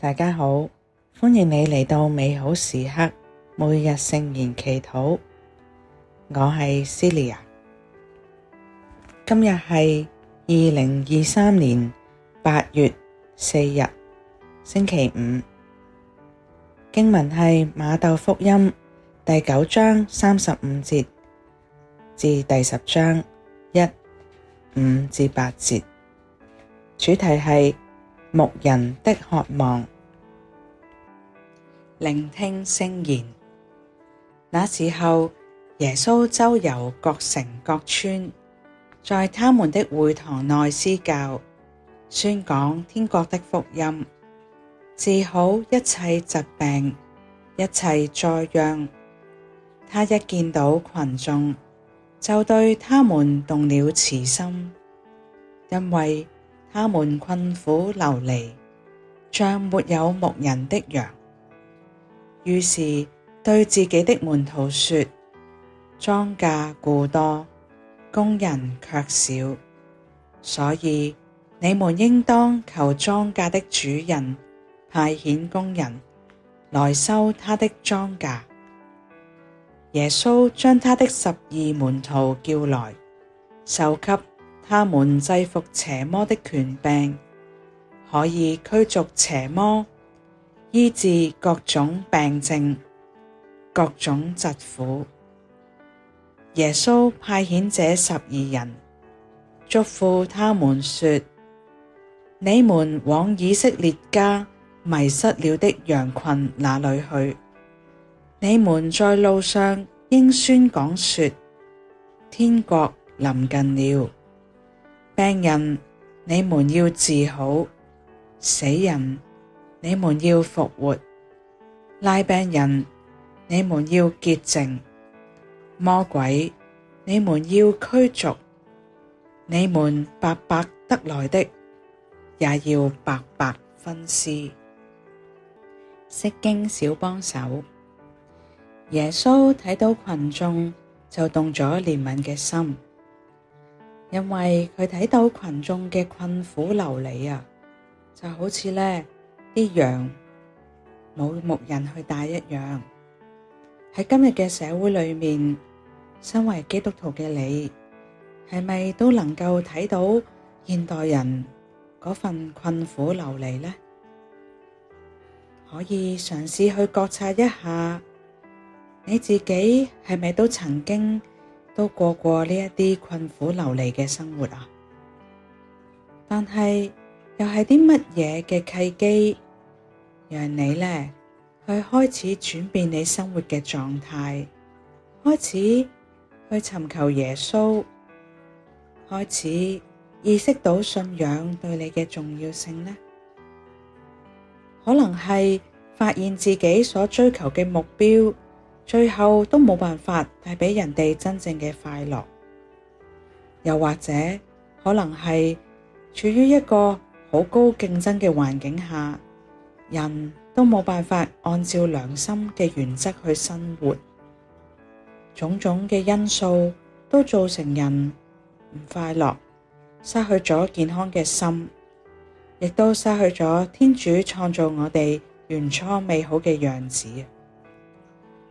大家好，歡迎你嚟到美好時刻每日聖言祈禱。我係 Celia，今日係二零二三年八月四日星期五。經文係馬竇福音第九章三十五節至第十章一五至八節，主題係。牧人的渴望，聆聽聖言。那時候，耶穌周遊各城各村，在他們的會堂內施教，宣講天國的福音，治好一切疾病，一切災殃。他一見到群眾，就對他們動了慈心，因為。他們困苦流離，像沒有牧人的羊。於是對自己的門徒說：莊稼固多，工人卻少，所以你們應當求莊稼的主人派遣工人來收他的莊稼。耶穌將他的十二門徒叫來，授給。他們制服邪魔的權柄，可以驅逐邪魔，醫治各種病症、各種疾苦。耶穌派遣這十二人，囑咐他們說：你們往以色列家迷失了的羊群那裡去。你們在路上應宣講說：天國臨近了。病人，你們要治好；死人，你們要復活；癩病人，你們要潔淨；魔鬼，你們要驅逐。你們白白得來的，也要白白分施。釋經小幫手，耶穌睇到群眾就動咗憐憫嘅心。因為佢睇到群眾嘅困苦流離啊，就好似咧啲羊冇牧人去帶一樣。喺今日嘅社會裏面，身為基督徒嘅你，係咪都能夠睇到現代人嗰份困苦流離呢？可以嘗試去覺察一下，你自己係咪都曾經都過過呢一啲困苦流離嘅生活啊！但係又係啲乜嘢嘅契機，讓你呢去開始轉變你生活嘅狀態，開始去尋求耶穌，開始意識到信仰對你嘅重要性呢？可能係發現自己所追求嘅目標。最後都冇辦法帶俾人哋真正嘅快樂，又或者可能係處於一個好高競爭嘅環境下，人都冇辦法按照良心嘅原則去生活，種種嘅因素都造成人唔快樂，失去咗健康嘅心，亦都失去咗天主創造我哋原初美好嘅樣子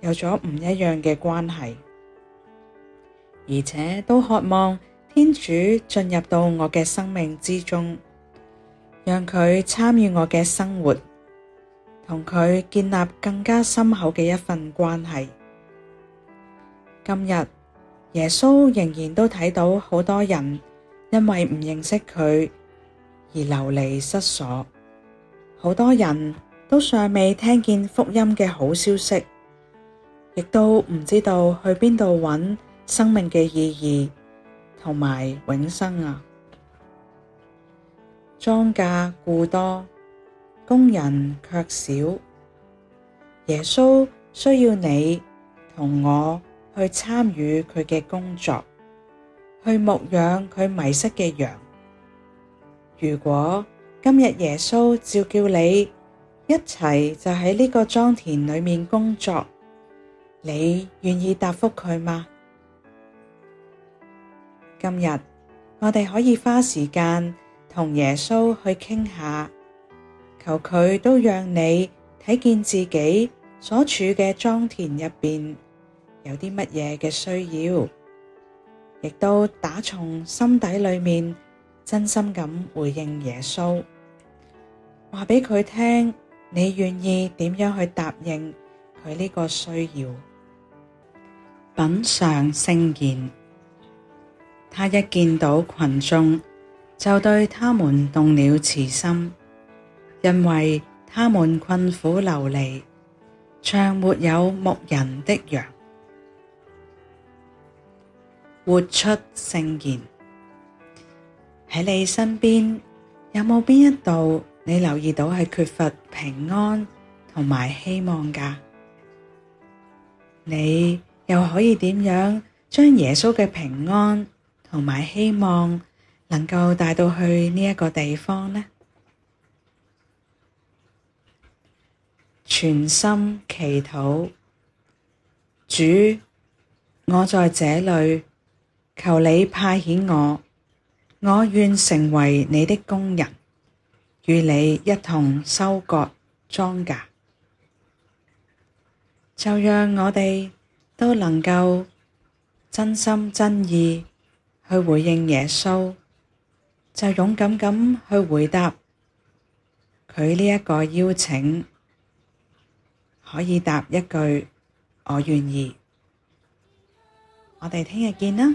有咗唔一樣嘅關係，而且都渴望天主進入到我嘅生命之中，讓佢參與我嘅生活，同佢建立更加深厚嘅一份關係。今日耶穌仍然都睇到好多人因為唔認識佢而流離失所，好多人都尚未聽見福音嘅好消息。亦都唔知道去邊度揾生命嘅意義同埋永生啊。莊稼固多，工人卻少。耶穌需要你同我去參與佢嘅工作，去牧養佢迷失嘅羊。如果今日耶穌召叫你一齊就喺呢個莊田裏面工作。你願意答覆佢嗎？今日我哋可以花時間同耶穌去傾下，求佢都讓你睇見自己所處嘅莊田入邊有啲乜嘢嘅需要，亦都打從心底裏面真心咁回應耶穌，話俾佢聽你願意點樣去答應佢呢個需要。品嘗聖言，他一見到群眾，就對他們動了慈心，因為他們困苦流離，像沒有牧人的羊，活出聖言。喺你身邊，有冇邊一度你留意到係缺乏平安同埋希望噶？你？又可以點樣將耶穌嘅平安同埋希望能夠帶到去呢一個地方呢？全心祈禱，主，我在這裡，求你派遣我，我願成為你的工人，與你一同收割莊稼。就讓我哋，都能夠真心真意去回應耶穌，就勇敢咁去回答佢呢一個邀請，可以答一句我願意。我哋聽日見啦。